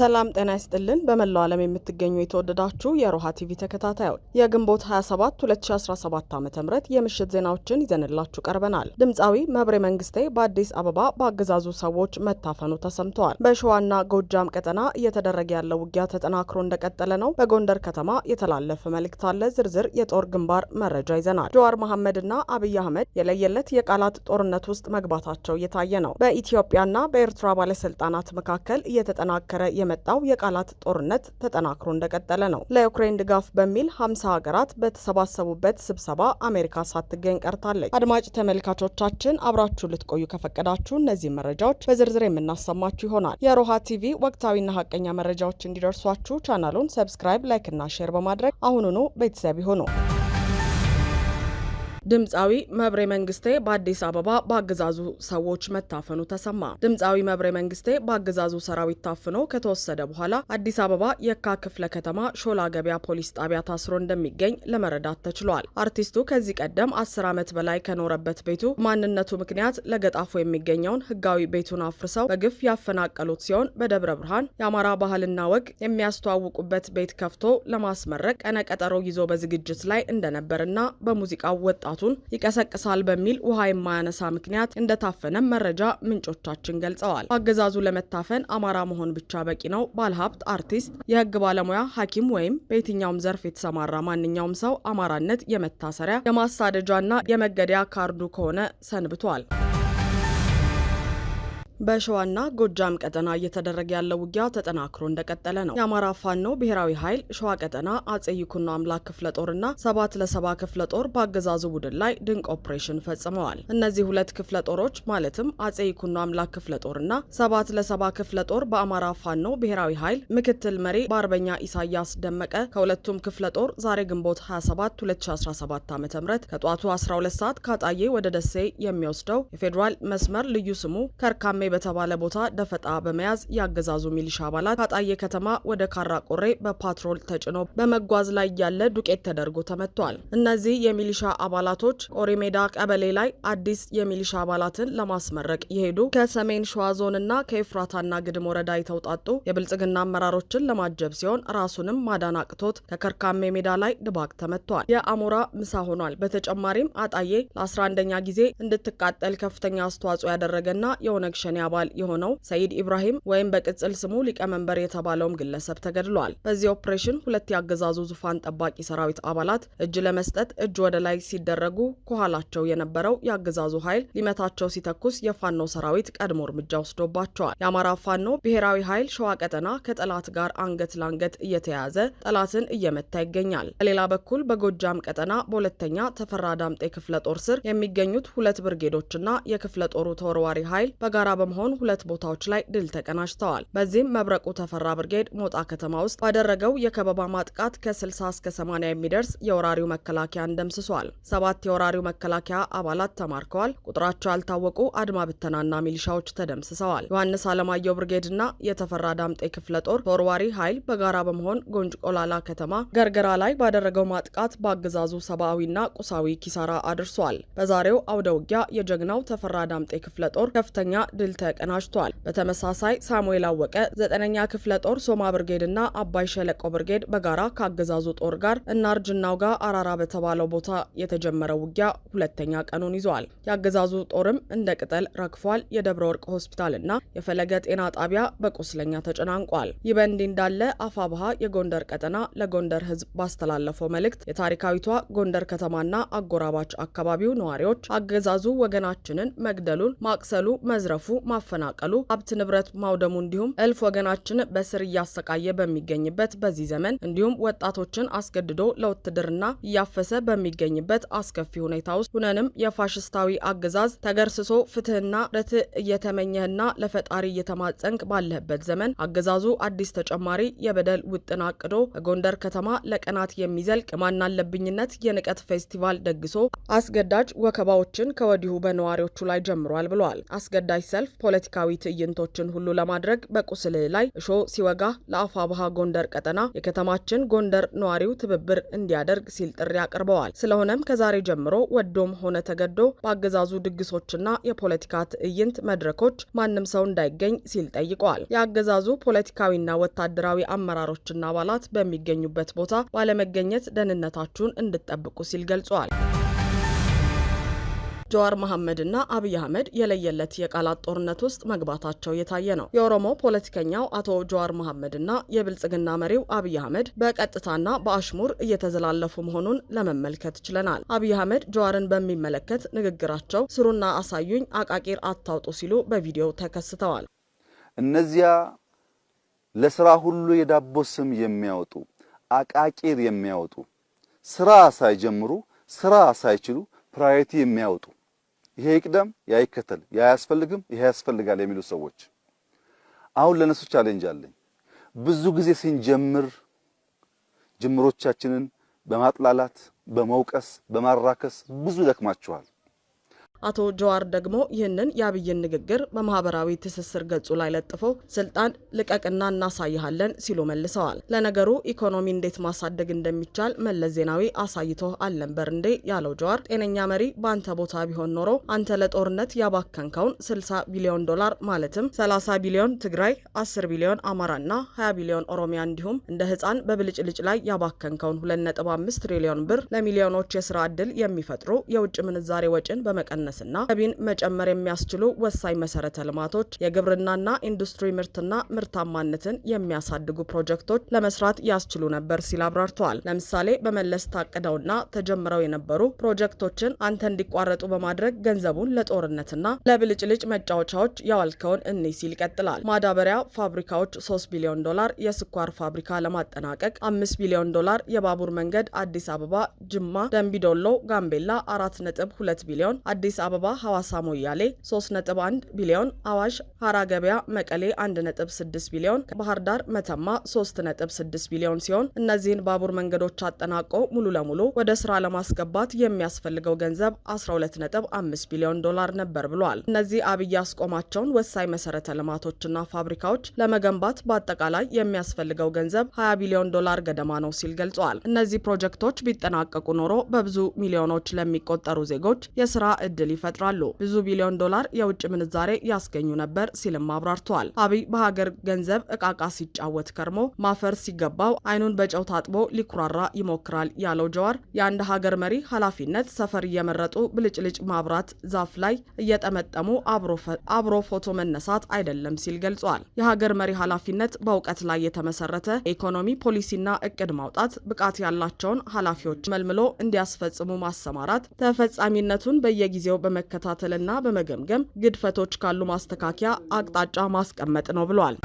ሰላም ጤና ይስጥልን። በመላው ዓለም የምትገኙ የተወደዳችሁ የሮሃ ቲቪ ተከታታዮች የግንቦት 27 2017 ዓ ም የምሽት ዜናዎችን ይዘንላችሁ ቀርበናል። ድምፃዊ መብሬ መንግስቴ በአዲስ አበባ በአገዛዙ ሰዎች መታፈኑ ተሰምተዋል። በሸዋና ጎጃም ቀጠና እየተደረገ ያለው ውጊያ ተጠናክሮ እንደቀጠለ ነው። በጎንደር ከተማ የተላለፈ መልእክት አለ። ዝርዝር የጦር ግንባር መረጃ ይዘናል። ጀዋር መሐመድና አብይ አህመድ የለየለት የቃላት ጦርነት ውስጥ መግባታቸው እየታየ ነው። በኢትዮጵያና በኤርትራ ባለስልጣናት መካከል እየተጠናከረ የመጣው የቃላት ጦርነት ተጠናክሮ እንደቀጠለ ነው። ለዩክሬን ድጋፍ በሚል ሀምሳ ሀገራት በተሰባሰቡበት ስብሰባ አሜሪካ ሳትገኝ ቀርታለች። አድማጭ ተመልካቾቻችን አብራችሁ ልትቆዩ ከፈቀዳችሁ እነዚህ መረጃዎች በዝርዝር የምናሰማችሁ ይሆናል። የሮሃ ቲቪ ወቅታዊና ሀቀኛ መረጃዎች እንዲደርሷችሁ ቻናሉን ሰብስክራይብ፣ ላይክ እና ሼር በማድረግ አሁኑኑ ቤተሰብ ይሁኑ። ድምፃዊ መብሬ መንግስቴ በአዲስ አበባ በአገዛዙ ሰዎች መታፈኑ ተሰማ። ድምፃዊ መብሬ መንግስቴ በአገዛዙ ሰራዊት ታፍኖ ከተወሰደ በኋላ አዲስ አበባ የካ ክፍለ ከተማ ሾላ ገበያ ፖሊስ ጣቢያ ታስሮ እንደሚገኝ ለመረዳት ተችሏል። አርቲስቱ ከዚህ ቀደም አስር ዓመት በላይ ከኖረበት ቤቱ ማንነቱ ምክንያት ለገጣፎ የሚገኘውን ህጋዊ ቤቱን አፍርሰው በግፍ ያፈናቀሉት ሲሆን በደብረ ብርሃን የአማራ ባህልና ወግ የሚያስተዋውቁበት ቤት ከፍቶ ለማስመረቅ ቀነ ቀጠሮ ይዞ በዝግጅት ላይ እንደነበርና በሙዚቃው ወጣቱ መነሳቱን ይቀሰቅሳል በሚል ውሃ የማያነሳ ምክንያት እንደታፈነ መረጃ ምንጮቻችን ገልጸዋል። አገዛዙ ለመታፈን አማራ መሆን ብቻ በቂ ነው፣ ባለሀብት፣ አርቲስት፣ የህግ ባለሙያ፣ ሐኪም ወይም በየትኛውም ዘርፍ የተሰማራ ማንኛውም ሰው አማራነት የመታሰሪያ የማሳደጃና የመገደያ ካርዱ ከሆነ ሰንብቷል። በሸዋና ጎጃም ቀጠና እየተደረገ ያለው ውጊያ ተጠናክሮ እንደቀጠለ ነው። የአማራ ፋኖ ብሔራዊ ኃይል ሸዋ ቀጠና አጼ ይኩኖ አምላክ ክፍለ ጦርና ሰባት ለሰባ ክፍለ ጦር በአገዛዙ ቡድን ላይ ድንቅ ኦፕሬሽን ፈጽመዋል። እነዚህ ሁለት ክፍለ ጦሮች ማለትም አጼ ይኩኖ አምላክ ክፍለ ጦርና ሰባት ለሰባ ክፍለ ጦር በአማራ ፋኖ ብሔራዊ ኃይል ምክትል መሪ በአርበኛ ኢሳያስ ደመቀ ከሁለቱም ክፍለ ጦር ዛሬ ግንቦት 27 2017 ዓ ም ከጠዋቱ 12 ሰዓት ካጣዬ ወደ ደሴ የሚወስደው የፌዴራል መስመር ልዩ ስሙ ከርካሜ በተባለ ቦታ ደፈጣ በመያዝ የአገዛዙ ሚሊሻ አባላት ከአጣዬ ከተማ ወደ ካራ ቆሬ በፓትሮል ተጭኖ በመጓዝ ላይ ያለ ዱቄት ተደርጎ ተመቷል። እነዚህ የሚሊሻ አባላቶች ቆሪ ሜዳ ቀበሌ ላይ አዲስ የሚሊሻ አባላትን ለማስመረቅ የሄዱ ከሰሜን ሸዋ ዞንና ከኤፍራታና ግድም ወረዳ የተውጣጡ የብልጽግና አመራሮችን ለማጀብ ሲሆን ራሱንም ማዳን አቅቶት ከከርካሜ ሜዳ ላይ ድባቅ ተመቷል። የአሞራ ምሳ ሆኗል። በተጨማሪም አጣዬ ለ11ኛ ጊዜ እንድትቃጠል ከፍተኛ አስተዋጽኦ ያደረገና የኦነግ ሸኔ ካቢኔ አባል የሆነው ሰይድ ኢብራሂም ወይም በቅጽል ስሙ ሊቀመንበር የተባለውም ግለሰብ ተገድሏል። በዚህ ኦፕሬሽን ሁለት የአገዛዙ ዙፋን ጠባቂ ሰራዊት አባላት እጅ ለመስጠት እጅ ወደ ላይ ሲደረጉ ከኋላቸው የነበረው የአገዛዙ ኃይል ሊመታቸው ሲተኩስ የፋኖ ሰራዊት ቀድሞ እርምጃ ወስዶባቸዋል። የአማራ ፋኖ ብሔራዊ ኃይል ሸዋ ቀጠና ከጠላት ጋር አንገት ለአንገት እየተያያዘ ጠላትን እየመታ ይገኛል። በሌላ በኩል በጎጃም ቀጠና በሁለተኛ ተፈራ ዳምጤ ክፍለ ጦር ስር የሚገኙት ሁለት ብርጌዶችና የክፍለ ጦሩ ተወርዋሪ ኃይል በጋራ በ በመሆን ሁለት ቦታዎች ላይ ድል ተቀናጅተዋል። በዚህም መብረቁ ተፈራ ብርጌድ ሞጣ ከተማ ውስጥ ባደረገው የከበባ ማጥቃት ከ60 እስከ 80 የሚደርስ የወራሪው መከላከያን ደምስሷል። ሰባት የወራሪው መከላከያ አባላት ተማርከዋል። ቁጥራቸው ያልታወቁ አድማ ብተናና ሚሊሻዎች ተደምስሰዋል። ዮሐንስ አለማየሁ ብርጌድና የተፈራ ዳምጤ ክፍለ ጦር ተወርዋሪ ኃይል በጋራ በመሆን ጎንጅ ቆላላ ከተማ ገርገራ ላይ ባደረገው ማጥቃት በአገዛዙ ሰብአዊና ቁሳዊ ኪሳራ አድርሷል። በዛሬው አውደ ውጊያ የጀግናው ተፈራ ዳምጤ ክፍለ ጦር ከፍተኛ ድል ተቀናጅቷል። በተመሳሳይ ሳሙኤል አወቀ ዘጠነኛ ክፍለ ጦር ሶማ ብርጌድና አባይ ሸለቆ ብርጌድ በጋራ ከአገዛዙ ጦር ጋር እና እርጅናው ጋር አራራ በተባለው ቦታ የተጀመረው ውጊያ ሁለተኛ ቀኑን ይዟል። የአገዛዙ ጦርም እንደ ቅጠል ረግፏል። የደብረ ወርቅ ሆስፒታልና የፈለገ ጤና ጣቢያ በቁስለኛ ተጨናንቋል። ይህ በእንዲህ እንዳለ አፋብሃ የጎንደር ቀጠና ለጎንደር ሕዝብ ባስተላለፈው መልእክት የታሪካዊቷ ጎንደር ከተማና አጎራባች አካባቢው ነዋሪዎች አገዛዙ ወገናችንን መግደሉን፣ ማቅሰሉ፣ መዝረፉ ማፈናቀሉ፣ ሀብት ንብረት ማውደሙ እንዲሁም እልፍ ወገናችን በስር እያሰቃየ በሚገኝበት በዚህ ዘመን እንዲሁም ወጣቶችን አስገድዶ ለውትድርና እያፈሰ በሚገኝበት አስከፊ ሁኔታ ውስጥ ሁነንም የፋሽስታዊ አገዛዝ ተገርስሶ ፍትህና ርትዕ እየተመኘህና ለፈጣሪ እየተማጸንክ ባለህበት ዘመን አገዛዙ አዲስ ተጨማሪ የበደል ውጥን አቅዶ በጎንደር ከተማ ለቀናት የሚዘልቅ ማናለብኝነት የንቀት ፌስቲቫል ደግሶ አስገዳጅ ወከባዎችን ከወዲሁ በነዋሪዎቹ ላይ ጀምሯል ብለዋል። አስገዳጅ ሰልፍ ፖለቲካዊ ትዕይንቶችን ሁሉ ለማድረግ በቁስል ላይ እሾ ሲወጋ ለአፋብሃ ጎንደር ቀጠና የከተማችን ጎንደር ነዋሪው ትብብር እንዲያደርግ ሲል ጥሪ አቅርበዋል። ስለሆነም ከዛሬ ጀምሮ ወዶም ሆነ ተገዶ በአገዛዙ ድግሶችና የፖለቲካ ትዕይንት መድረኮች ማንም ሰው እንዳይገኝ ሲል ጠይቋል። የአገዛዙ ፖለቲካዊና ወታደራዊ አመራሮችና አባላት በሚገኙበት ቦታ ባለመገኘት ደህንነታችሁን እንድትጠብቁ ሲል ገልጿል። ጀዋር መሐመድና አብይ አህመድ የለየለት የቃላት ጦርነት ውስጥ መግባታቸው የታየ ነው። የኦሮሞ ፖለቲከኛው አቶ ጀዋር መሐመድና የብልጽግና መሪው አብይ አህመድ በቀጥታና በአሽሙር እየተዘላለፉ መሆኑን ለመመልከት ችለናል። አብይ አህመድ ጀዋርን በሚመለከት ንግግራቸው ስሩና አሳዩኝ አቃቂር አታውጡ ሲሉ በቪዲዮው ተከስተዋል። እነዚያ ለስራ ሁሉ የዳቦ ስም የሚያወጡ አቃቂር የሚያወጡ ስራ ሳይጀምሩ ስራ ሳይችሉ ፕራዮሪቲ የሚያወጡ ይሄ ይቅደም፣ ያ ይከተል፣ ያ አያስፈልግም፣ ይሄ ያስፈልጋል የሚሉ ሰዎች አሁን ለነሱ ቻሌንጅ አለኝ። ብዙ ጊዜ ስንጀምር ጅምሮቻችንን በማጥላላት በመውቀስ በማራከስ ብዙ ደክማቸዋል። አቶ ጀዋር ደግሞ ይህንን የአብይን ንግግር በማህበራዊ ትስስር ገጹ ላይ ለጥፈው ስልጣን ልቀቅና እናሳይሃለን ሲሉ መልሰዋል። ለነገሩ ኢኮኖሚ እንዴት ማሳደግ እንደሚቻል መለስ ዜናዊ አሳይቶ አልነበር እንዴ ያለው ጀዋር ጤነኛ መሪ በአንተ ቦታ ቢሆን ኖሮ አንተ ለጦርነት ያባከንከውን 60 ቢሊዮን ዶላር ማለትም 30 ቢሊዮን ትግራይ፣ 10 ቢሊዮን አማራና 20 ቢሊዮን ኦሮሚያ እንዲሁም እንደ ህፃን በብልጭልጭ ላይ ያባከንከውን 2.5 ትሪሊዮን ብር ለሚሊዮኖች የስራ ዕድል የሚፈጥሩ የውጭ ምንዛሬ ወጪን በመቀነስ መቀነስና ገቢን መጨመር የሚያስችሉ ወሳኝ መሰረተ ልማቶች፣ የግብርናና ኢንዱስትሪ ምርትና ምርታማነትን የሚያሳድጉ ፕሮጀክቶች ለመስራት ያስችሉ ነበር ሲል አብራርተዋል። ለምሳሌ በመለስ ታቅደውና ተጀምረው የነበሩ ፕሮጀክቶችን አንተ እንዲቋረጡ በማድረግ ገንዘቡን ለጦርነትና ለብልጭልጭ መጫወቻዎች ያዋልከውን እኒህ ሲል ይቀጥላል። ማዳበሪያ ፋብሪካዎች 3 ቢሊዮን ዶላር፣ የስኳር ፋብሪካ ለማጠናቀቅ 5 ቢሊዮን ዶላር፣ የባቡር መንገድ አዲስ አበባ፣ ጅማ፣ ደንቢዶሎ፣ ጋምቤላ 4.2 ቢሊዮን፣ አዲስ አበባ ሐዋሳ ሞያሌ 3.1 ቢሊዮን፣ አዋሽ ሐራ ገበያ መቀሌ 1.6 ቢሊዮን፣ ባህር ዳር መተማ 3.6 ቢሊዮን ሲሆን እነዚህን ባቡር መንገዶች አጠናቆ ሙሉ ለሙሉ ወደ ስራ ለማስገባት የሚያስፈልገው ገንዘብ 12.5 ቢሊዮን ዶላር ነበር ብሏል። እነዚህ አብይ ያስቆማቸውን ወሳኝ መሰረተ ልማቶችና ፋብሪካዎች ለመገንባት በአጠቃላይ የሚያስፈልገው ገንዘብ 20 ቢሊዮን ዶላር ገደማ ነው ሲል ገልጿል። እነዚህ ፕሮጀክቶች ቢጠናቀቁ ኖሮ በብዙ ሚሊዮኖች ለሚቆጠሩ ዜጎች የስራ እድል እድል ይፈጥራሉ፣ ብዙ ቢሊዮን ዶላር የውጭ ምንዛሬ ያስገኙ ነበር ሲልም አብራርተዋል። አብይ በሀገር ገንዘብ እቃቃ ሲጫወት ከርሞ ማፈር ሲገባው አይኑን በጨው ታጥቦ ሊኩራራ ይሞክራል ያለው ጀዋር የአንድ ሀገር መሪ ኃላፊነት ሰፈር እየመረጡ ብልጭልጭ ማብራት ዛፍ ላይ እየጠመጠሙ አብሮ ፎቶ መነሳት አይደለም ሲል ገልጿል። የሀገር መሪ ኃላፊነት በእውቀት ላይ የተመሰረተ ኢኮኖሚ ፖሊሲና እቅድ ማውጣት፣ ብቃት ያላቸውን ኃላፊዎች መልምሎ እንዲያስፈጽሙ ማሰማራት፣ ተፈጻሚነቱን በየጊዜው በመከታተልና በመገምገም ግድፈቶች ካሉ ማስተካከያ አቅጣጫ ማስቀመጥ ነው ብሏል።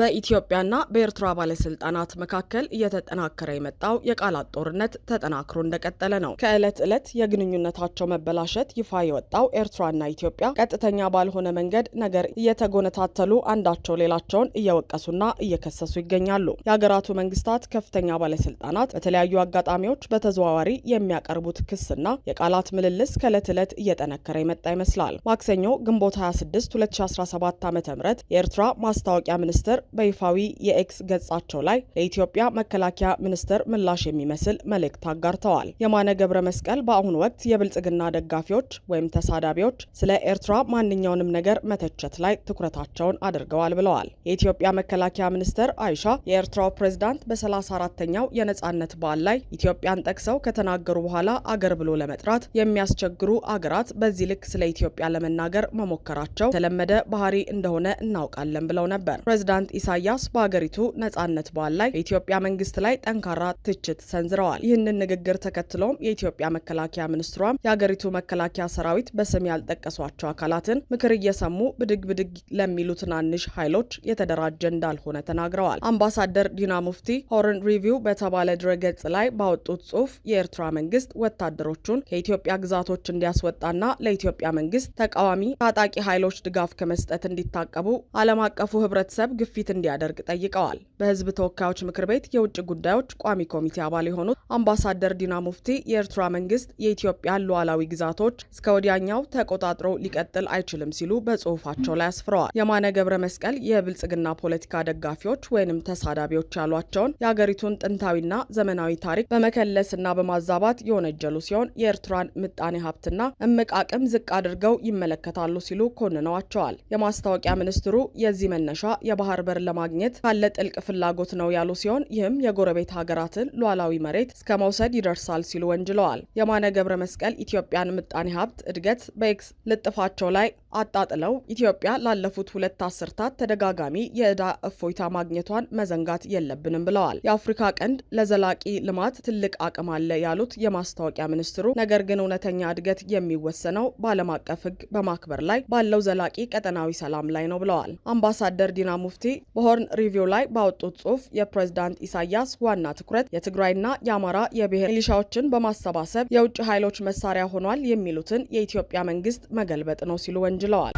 በኢትዮጵያና በኤርትራ ባለስልጣናት መካከል እየተጠናከረ የመጣው የቃላት ጦርነት ተጠናክሮ እንደቀጠለ ነው። ከዕለት ዕለት የግንኙነታቸው መበላሸት ይፋ የወጣው ኤርትራና ኢትዮጵያ ቀጥተኛ ባልሆነ መንገድ ነገር እየተጎነታተሉ አንዳቸው ሌላቸውን እየወቀሱና እየከሰሱ ይገኛሉ። የሀገራቱ መንግስታት ከፍተኛ ባለስልጣናት በተለያዩ አጋጣሚዎች በተዘዋዋሪ የሚያቀርቡት ክስና የቃላት ምልልስ ከዕለት ዕለት እየጠነከረ የመጣ ይመስላል። ማክሰኞ ግንቦት 26 2017 ዓ ም የኤርትራ ማስታወቂያ ሚኒስትር በይፋዊ የኤክስ ገጻቸው ላይ ለኢትዮጵያ መከላከያ ሚኒስትር ምላሽ የሚመስል መልእክት አጋርተዋል። የማነ ገብረ መስቀል በአሁኑ ወቅት የብልጽግና ደጋፊዎች ወይም ተሳዳቢዎች ስለ ኤርትራ ማንኛውንም ነገር መተቸት ላይ ትኩረታቸውን አድርገዋል ብለዋል። የኢትዮጵያ መከላከያ ሚኒስትር አይሻ የኤርትራው ፕሬዝዳንት በ34ተኛው የነጻነት በዓል ላይ ኢትዮጵያን ጠቅሰው ከተናገሩ በኋላ አገር ብሎ ለመጥራት የሚያስቸግሩ አገራት በዚህ ልክ ስለ ኢትዮጵያ ለመናገር መሞከራቸው የተለመደ ባህሪ እንደሆነ እናውቃለን ብለው ነበር። ፕሬዝዳንት ኢሳያስ በሀገሪቱ ነጻነት በዓል ላይ በኢትዮጵያ መንግስት ላይ ጠንካራ ትችት ሰንዝረዋል። ይህንን ንግግር ተከትሎም የኢትዮጵያ መከላከያ ሚኒስትሯም የሀገሪቱ መከላከያ ሰራዊት በስም ያልጠቀሷቸው አካላትን ምክር እየሰሙ ብድግ ብድግ ለሚሉ ትናንሽ ኃይሎች የተደራጀ እንዳልሆነ ተናግረዋል። አምባሳደር ዲና ሙፍቲ ሆርን ሪቪው በተባለ ድረገጽ ላይ ባወጡት ጽሁፍ የኤርትራ መንግስት ወታደሮቹን ከኢትዮጵያ ግዛቶች እንዲያስወጣና ለኢትዮጵያ መንግስት ተቃዋሚ ታጣቂ ኃይሎች ድጋፍ ከመስጠት እንዲታቀቡ ዓለም አቀፉ ህብረተሰብ ግፊት ግፊት እንዲያደርግ ጠይቀዋል። በህዝብ ተወካዮች ምክር ቤት የውጭ ጉዳዮች ቋሚ ኮሚቴ አባል የሆኑት አምባሳደር ዲና ሙፍቲ የኤርትራ መንግስት የኢትዮጵያን ሉዓላዊ ግዛቶች እስከ ወዲያኛው ተቆጣጥሮ ሊቀጥል አይችልም ሲሉ በጽሁፋቸው ላይ አስፍረዋል። የማነ ገብረ መስቀል የብልጽግና ፖለቲካ ደጋፊዎች ወይንም ተሳዳቢዎች ያሏቸውን የአገሪቱን ጥንታዊና ዘመናዊ ታሪክ በመከለስና በማዛባት የወነጀሉ ሲሆን የኤርትራን ምጣኔ ሀብትና እምቅ አቅም ዝቅ አድርገው ይመለከታሉ ሲሉ ኮንነዋቸዋል። የማስታወቂያ ሚኒስትሩ የዚህ መነሻ የባህር በር መተባበርን ለማግኘት ካለ ጥልቅ ፍላጎት ነው ያሉ ሲሆን ይህም የጎረቤት ሀገራትን ሉዓላዊ መሬት እስከ መውሰድ ይደርሳል ሲሉ ወንጅለዋል። የማነ ገብረ መስቀል ኢትዮጵያን ምጣኔ ሀብት እድገት በኤክስ ልጥፋቸው ላይ አጣጥለው ኢትዮጵያ ላለፉት ሁለት አስርታት ተደጋጋሚ የዕዳ እፎይታ ማግኘቷን መዘንጋት የለብንም ብለዋል። የአፍሪካ ቀንድ ለዘላቂ ልማት ትልቅ አቅም አለ ያሉት የማስታወቂያ ሚኒስትሩ፣ ነገር ግን እውነተኛ እድገት የሚወሰነው በዓለም አቀፍ ሕግ በማክበር ላይ ባለው ዘላቂ ቀጠናዊ ሰላም ላይ ነው ብለዋል። አምባሳደር ዲና ሙፍቲ በሆርን ሪቪው ላይ ባወጡት ጽሁፍ የፕሬዝዳንት ኢሳያስ ዋና ትኩረት የትግራይና የአማራ የብሔር ሚሊሻዎችን በማሰባሰብ የውጭ ኃይሎች መሳሪያ ሆኗል የሚሉትን የኢትዮጵያ መንግስት መገልበጥ ነው ሲሉ ወንጅለዋል።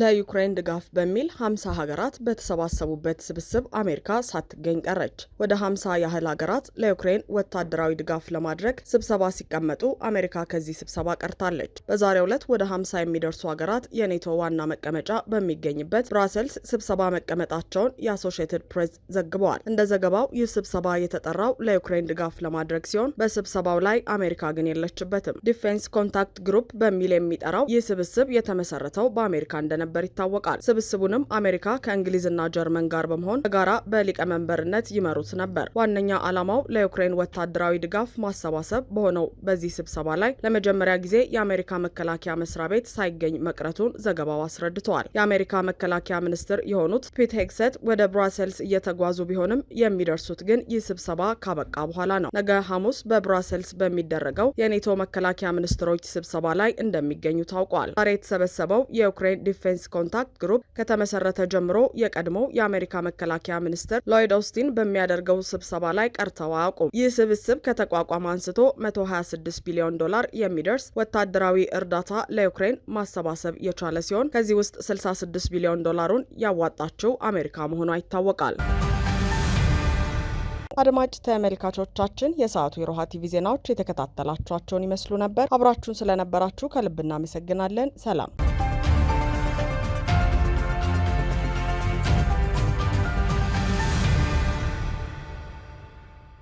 ለዩክሬን ድጋፍ በሚል 50 ሀገራት በተሰባሰቡበት ስብስብ አሜሪካ ሳትገኝ ቀረች። ወደ 50 ያህል ሀገራት ለዩክሬን ወታደራዊ ድጋፍ ለማድረግ ስብሰባ ሲቀመጡ አሜሪካ ከዚህ ስብሰባ ቀርታለች። በዛሬው ዕለት ወደ 50 የሚደርሱ ሀገራት የኔቶ ዋና መቀመጫ በሚገኝበት ብራሰልስ ስብሰባ መቀመጣቸውን የአሶሺየትድ ፕሬስ ዘግበዋል። እንደ ዘገባው ይህ ስብሰባ የተጠራው ለዩክሬን ድጋፍ ለማድረግ ሲሆን በስብሰባው ላይ አሜሪካ ግን የለችበትም። ዲፌንስ ኮንታክት ግሩፕ በሚል የሚጠራው ይህ ስብስብ የተመሰረተው በአሜሪካ እንደነበ እንደነበር ይታወቃል። ስብስቡንም አሜሪካ ከእንግሊዝና ጀርመን ጋር በመሆን በጋራ በሊቀመንበርነት ይመሩት ነበር። ዋነኛ ዓላማው ለዩክሬን ወታደራዊ ድጋፍ ማሰባሰብ በሆነው በዚህ ስብሰባ ላይ ለመጀመሪያ ጊዜ የአሜሪካ መከላከያ መስሪያ ቤት ሳይገኝ መቅረቱን ዘገባው አስረድተዋል። የአሜሪካ መከላከያ ሚኒስትር የሆኑት ፒት ሄግሰት ወደ ብራሰልስ እየተጓዙ ቢሆንም የሚደርሱት ግን ይህ ስብሰባ ካበቃ በኋላ ነው። ነገ ሐሙስ በብራሰልስ በሚደረገው የኔቶ መከላከያ ሚኒስትሮች ስብሰባ ላይ እንደሚገኙ ታውቋል። ዛሬ የተሰበሰበው የዩክሬን ዲፌንስ ዲፌንስ ኮንታክት ግሩፕ ከተመሰረተ ጀምሮ የቀድሞው የአሜሪካ መከላከያ ሚኒስትር ሎይድ ኦስቲን በሚያደርገው ስብሰባ ላይ ቀርተው አያውቁም። ይህ ስብስብ ከተቋቋመ አንስቶ 126 ቢሊዮን ዶላር የሚደርስ ወታደራዊ እርዳታ ለዩክሬን ማሰባሰብ የቻለ ሲሆን ከዚህ ውስጥ 66 ቢሊዮን ዶላሩን ያዋጣችው አሜሪካ መሆኗ ይታወቃል። አድማጭ ተመልካቾቻችን የሰዓቱ የሮሃ ቲቪ ዜናዎች የተከታተላችኋቸውን ይመስሉ ነበር። አብራችሁን ስለነበራችሁ ከልብ እናመሰግናለን። ሰላም